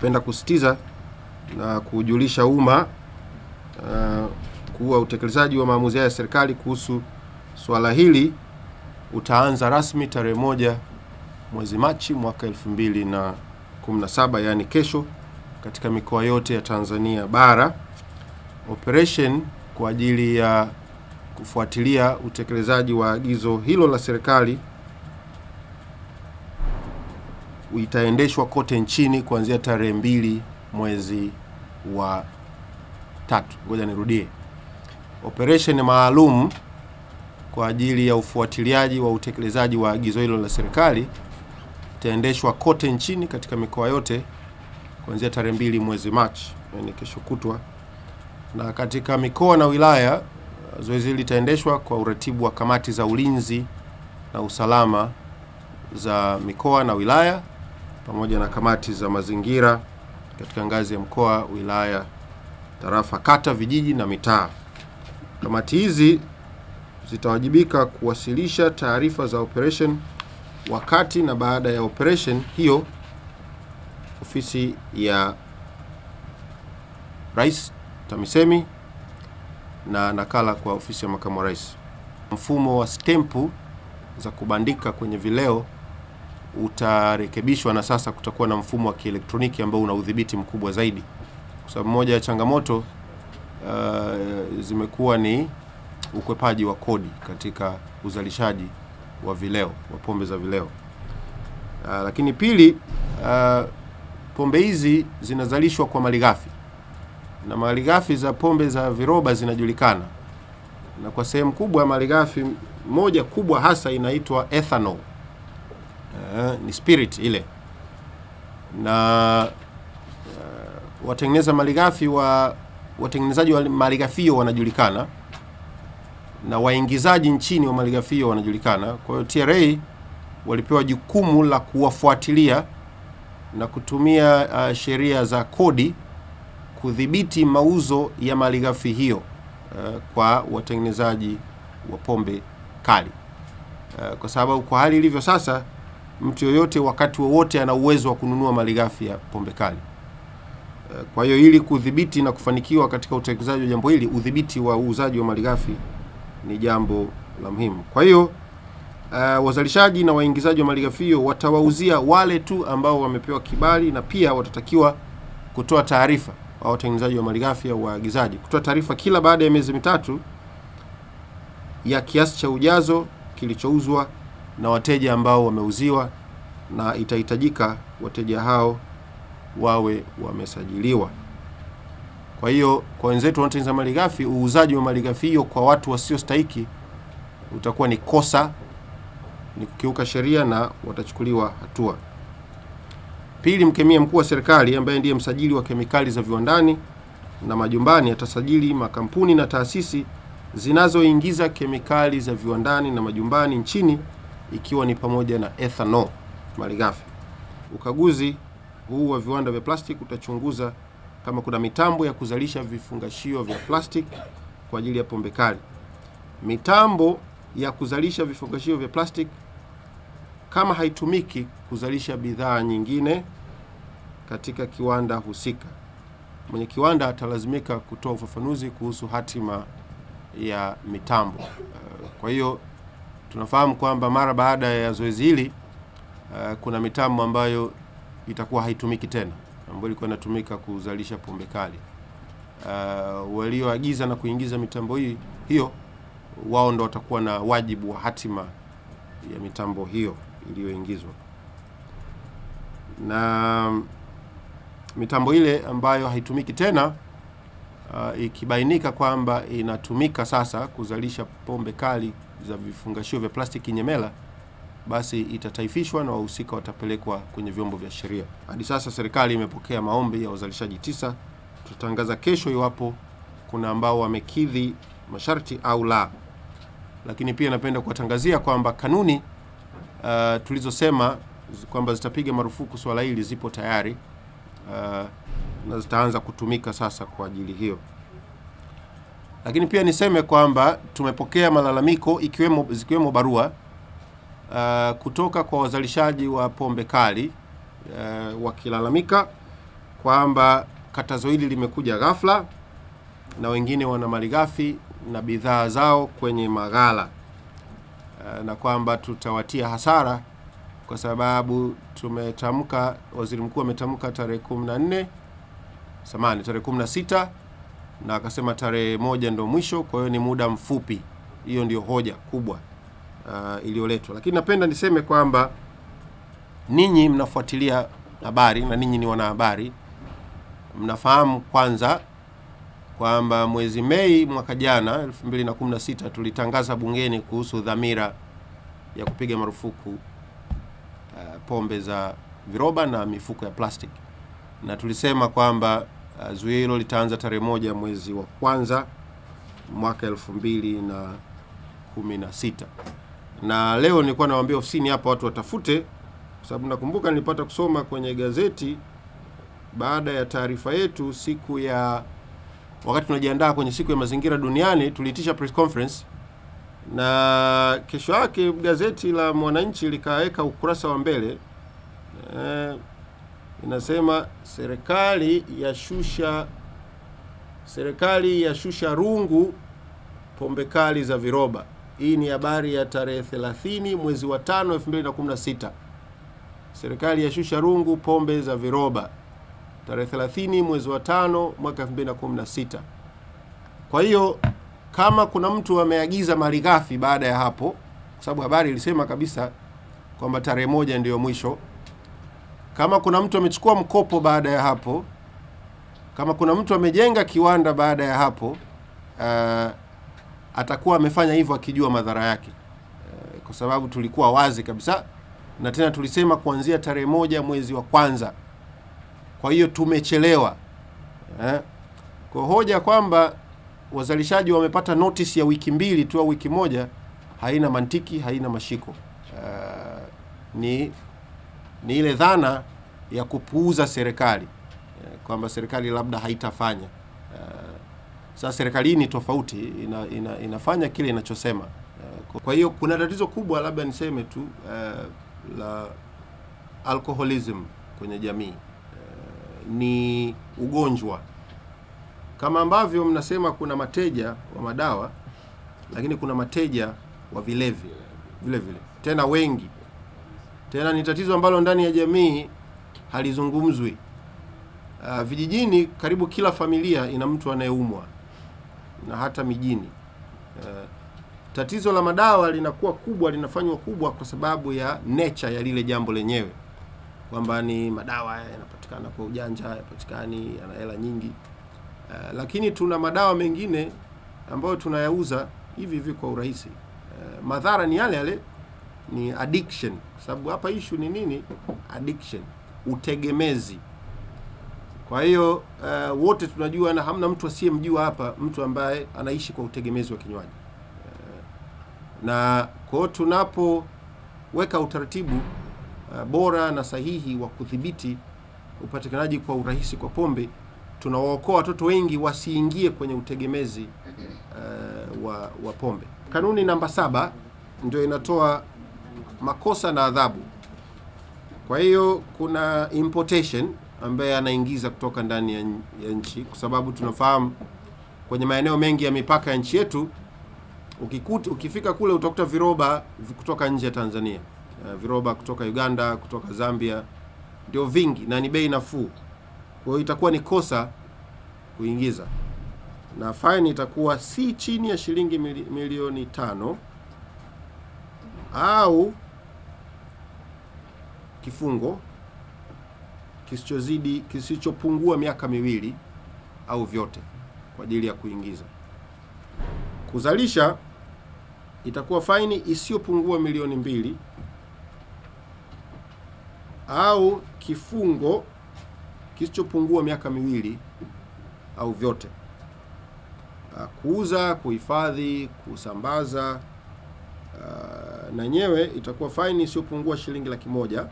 Penda kusitiza na kujulisha umma uh, kuwa utekelezaji wa maamuzi ya serikali kuhusu swala hili utaanza rasmi tarehe moja mwezi Machi mwaka 2017 yaani kesho, katika mikoa yote ya Tanzania bara. Operation kwa ajili ya kufuatilia utekelezaji wa agizo hilo la serikali itaendeshwa kote nchini kuanzia tarehe mbili mwezi wa tatu. Ngoja nirudie, operesheni maalum kwa ajili ya ufuatiliaji wa utekelezaji wa agizo hilo la serikali itaendeshwa kote nchini katika mikoa yote kuanzia tarehe mbili mwezi Machi, yaani kesho kutwa, na katika mikoa na wilaya zoezi hili litaendeshwa kwa uratibu wa kamati za ulinzi na usalama za mikoa na wilaya pamoja na kamati za mazingira katika ngazi ya mkoa, wilaya, tarafa, kata, vijiji na mitaa. Kamati hizi zitawajibika kuwasilisha taarifa za operation wakati na baada ya operation hiyo ofisi ya Rais TAMISEMI na nakala kwa ofisi ya makamu wa rais. Mfumo wa stempu za kubandika kwenye vileo utarekebishwa na sasa kutakuwa na mfumo wa kielektroniki ambao una udhibiti mkubwa zaidi, kwa sababu moja ya changamoto uh, zimekuwa ni ukwepaji wa kodi katika uzalishaji wa vileo wa pombe za vileo uh, lakini pili uh, pombe hizi zinazalishwa kwa malighafi na malighafi za pombe za viroba zinajulikana, na kwa sehemu kubwa malighafi moja kubwa hasa inaitwa ethanol. Eh, ni spirit ile na uh, watengeneza malighafi wa watengenezaji wa malighafi wanajulikana na waingizaji nchini wa malighafi wanajulikana. Kwa hiyo TRA walipewa jukumu la kuwafuatilia na kutumia uh, sheria za kodi kudhibiti mauzo ya malighafi hiyo uh, kwa watengenezaji wa pombe kali uh, kwa sababu kwa hali ilivyo sasa mtu yoyote wakati wowote ana uwezo wa kununua malighafi ya pombe kali. Eh, kwa hiyo ili kudhibiti na kufanikiwa katika utekelezaji wa jambo hili, udhibiti wa uuzaji wa malighafi ni jambo la muhimu. Kwa hiyo uh, wazalishaji na waingizaji wa malighafi hiyo watawauzia wale tu ambao wamepewa kibali, na pia watatakiwa kutoa taarifa wa watengenezaji wa malighafi au waagizaji kutoa taarifa kila baada ya miezi mitatu ya kiasi cha ujazo kilichouzwa na wateja ambao wameuziwa, na itahitajika wateja hao wawe wamesajiliwa. Kwa hiyo kwa wenzetu wanaotengeneza malighafi, uuzaji wa malighafi hiyo kwa watu wasiostahiki utakuwa ni kosa, ni kukiuka sheria na watachukuliwa hatua. Pili, mkemia mkuu wa serikali ambaye ndiye msajili wa kemikali za viwandani na majumbani atasajili makampuni na taasisi zinazoingiza kemikali za viwandani na majumbani nchini ikiwa ni pamoja na ethanol malighafi. Ukaguzi huu wa viwanda vya plastiki utachunguza kama kuna mitambo ya kuzalisha vifungashio vya plastiki kwa ajili ya pombe kali. Mitambo ya kuzalisha vifungashio vya plastiki kama haitumiki kuzalisha bidhaa nyingine katika kiwanda husika, mwenye kiwanda atalazimika kutoa ufafanuzi kuhusu hatima ya mitambo. Kwa hiyo Tunafahamu kwamba mara baada ya zoezi hili uh, kuna mitambo ambayo itakuwa haitumiki tena ambayo ilikuwa inatumika kuzalisha pombe kali. Uh, walioagiza na kuingiza mitambo hii hiyo wao ndo watakuwa na wajibu wa hatima ya mitambo hiyo iliyoingizwa, na mitambo ile ambayo haitumiki tena uh, ikibainika kwamba inatumika sasa kuzalisha pombe kali za vifungashio vya plastiki nyemela, basi itataifishwa na wahusika watapelekwa kwenye vyombo vya sheria. Hadi sasa serikali imepokea maombi ya wazalishaji tisa. Tutatangaza kesho iwapo kuna ambao wamekidhi masharti au la. Lakini pia napenda kuwatangazia kwamba kanuni uh, tulizosema kwamba zitapiga marufuku swala hili zipo tayari uh, na zitaanza kutumika sasa kwa ajili hiyo. Lakini pia niseme kwamba tumepokea malalamiko ikiwemo, zikiwemo barua uh, kutoka kwa wazalishaji wa pombe kali uh, wakilalamika kwamba katazo hili limekuja ghafla na wengine wana malighafi na bidhaa zao kwenye maghala uh, na kwamba tutawatia hasara kwa sababu tumetamka, waziri mkuu ametamka tarehe 14 samani tarehe 16 na akasema tarehe moja ndio mwisho, kwa hiyo ni muda mfupi. Hiyo ndio hoja kubwa uh, iliyoletwa, lakini napenda niseme kwamba ninyi mnafuatilia habari na ninyi ni wanahabari, mnafahamu kwanza kwamba mwezi Mei mwaka jana 2016 tulitangaza bungeni kuhusu dhamira ya kupiga marufuku uh, pombe za viroba na mifuko ya plastiki na tulisema kwamba Uh, zuio hilo litaanza tarehe moja mwezi wa kwanza mwaka elfu mbili na kumi na sita na leo nilikuwa nawaambia ofisini hapa watu watafute, kwa sababu nakumbuka nilipata kusoma kwenye gazeti baada ya taarifa yetu siku ya wakati tunajiandaa kwenye siku ya mazingira duniani, tuliitisha press conference na kesho yake gazeti la Mwananchi likaweka ukurasa wa mbele eh, inasema serikali shusha serikali shusha rungu pombe kali za viroba. Hii ni habari ya tarehe 30 mwezi wa 5 2016. Serikali ya shusha rungu pombe za viroba tarehe 30 mwezi wa 5 mwaka 2016. Kwa hiyo kama kuna mtu ameagiza malighafi baada ya hapo, kwa sababu habari ilisema kabisa kwamba tarehe moja ndiyo mwisho kama kuna mtu amechukua mkopo baada ya hapo, kama kuna mtu amejenga kiwanda baada ya hapo, uh, atakuwa amefanya hivyo akijua madhara yake, uh, kwa sababu tulikuwa wazi kabisa na tena tulisema kuanzia tarehe moja mwezi wa kwanza. Kwa hiyo tumechelewa uh, Kwa hoja kwamba wazalishaji wamepata notisi ya wiki mbili tu au wiki moja haina mantiki, haina mashiko. Uh, ni ni ile dhana ya kupuuza serikali eh, kwamba serikali labda haitafanya. Eh, sasa serikali hii ni tofauti, ina, ina, inafanya kile inachosema. Eh, kwa hiyo kuna tatizo kubwa, labda niseme tu la alcoholism kwenye jamii ni ugonjwa kama ambavyo mnasema kuna mateja wa madawa, lakini kuna mateja wa vilevi vile vile, tena wengi. Tena ni tatizo ambalo ndani ya jamii halizungumzwi. Uh, vijijini karibu kila familia ina mtu anayeumwa na hata mijini. Uh, tatizo la madawa linakuwa kubwa, linafanywa kubwa kwa sababu ya nature ya lile jambo lenyewe, kwamba ni madawa yanapatikana kwa ujanja, yanapatikani, yana hela nyingi. Uh, lakini tuna madawa mengine ambayo tunayauza hivi hivi kwa urahisi. Uh, madhara ni yale yale ni addiction, kwa sababu hapa issue ni nini? Addiction, utegemezi. Kwa hiyo uh, wote tunajua na hamna mtu asiyemjua hapa mtu ambaye anaishi kwa utegemezi wa kinywaji uh, na kwa tunapoweka utaratibu uh, bora na sahihi wa kudhibiti upatikanaji kwa urahisi kwa pombe tunawaokoa watoto wengi wasiingie kwenye utegemezi uh, wa, wa pombe. Kanuni namba saba ndio inatoa makosa na adhabu. Kwa hiyo kuna importation ambaye anaingiza kutoka ndani ya nchi, kwa sababu tunafahamu kwenye maeneo mengi ya mipaka ya nchi yetu ukikuta, ukifika kule utakuta viroba kutoka nje ya Tanzania, eh, viroba kutoka Uganda, kutoka Zambia, ndio vingi na ni bei nafuu. Kwa hiyo itakuwa ni kosa kuingiza na faini itakuwa si chini ya shilingi milioni tano au kifungo kisichozidi kisichopungua miaka miwili au vyote kwa ajili ya kuingiza. Kuzalisha itakuwa faini isiyopungua milioni mbili au kifungo kisichopungua miaka miwili au vyote. Ah, kuuza, kuhifadhi, kusambaza ah, na nyewe itakuwa faini isiyopungua shilingi laki moja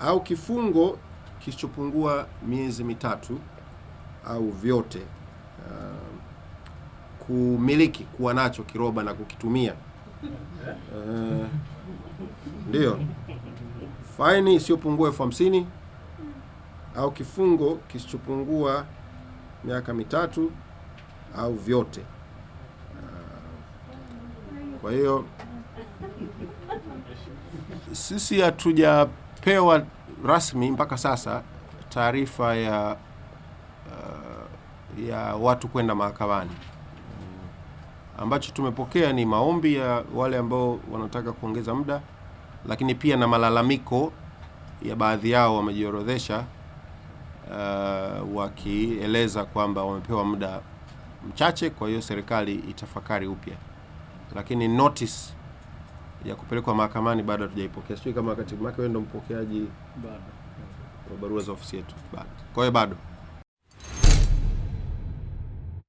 au kifungo kisichopungua miezi mitatu au vyote. Uh, kumiliki kuwa nacho kiroba na kukitumia uh, ndiyo faini isiyopungua elfu hamsini au kifungo kisichopungua miaka mitatu au vyote. Uh, kwa hiyo sisi hatuja hatujapewa rasmi mpaka sasa taarifa ya uh, ya watu kwenda mahakamani. Ambacho tumepokea ni maombi ya wale ambao wanataka kuongeza muda, lakini pia na malalamiko ya baadhi yao wamejiorodhesha, uh, wakieleza kwamba wamepewa muda mchache, kwa hiyo serikali itafakari upya, lakini notice ya kupelekwa mahakamani bado hatujaipokea. Sijui kama katibu make wewe ndio mpokeaji bado wa barua za ofisi yetu bado, kwa hiyo bado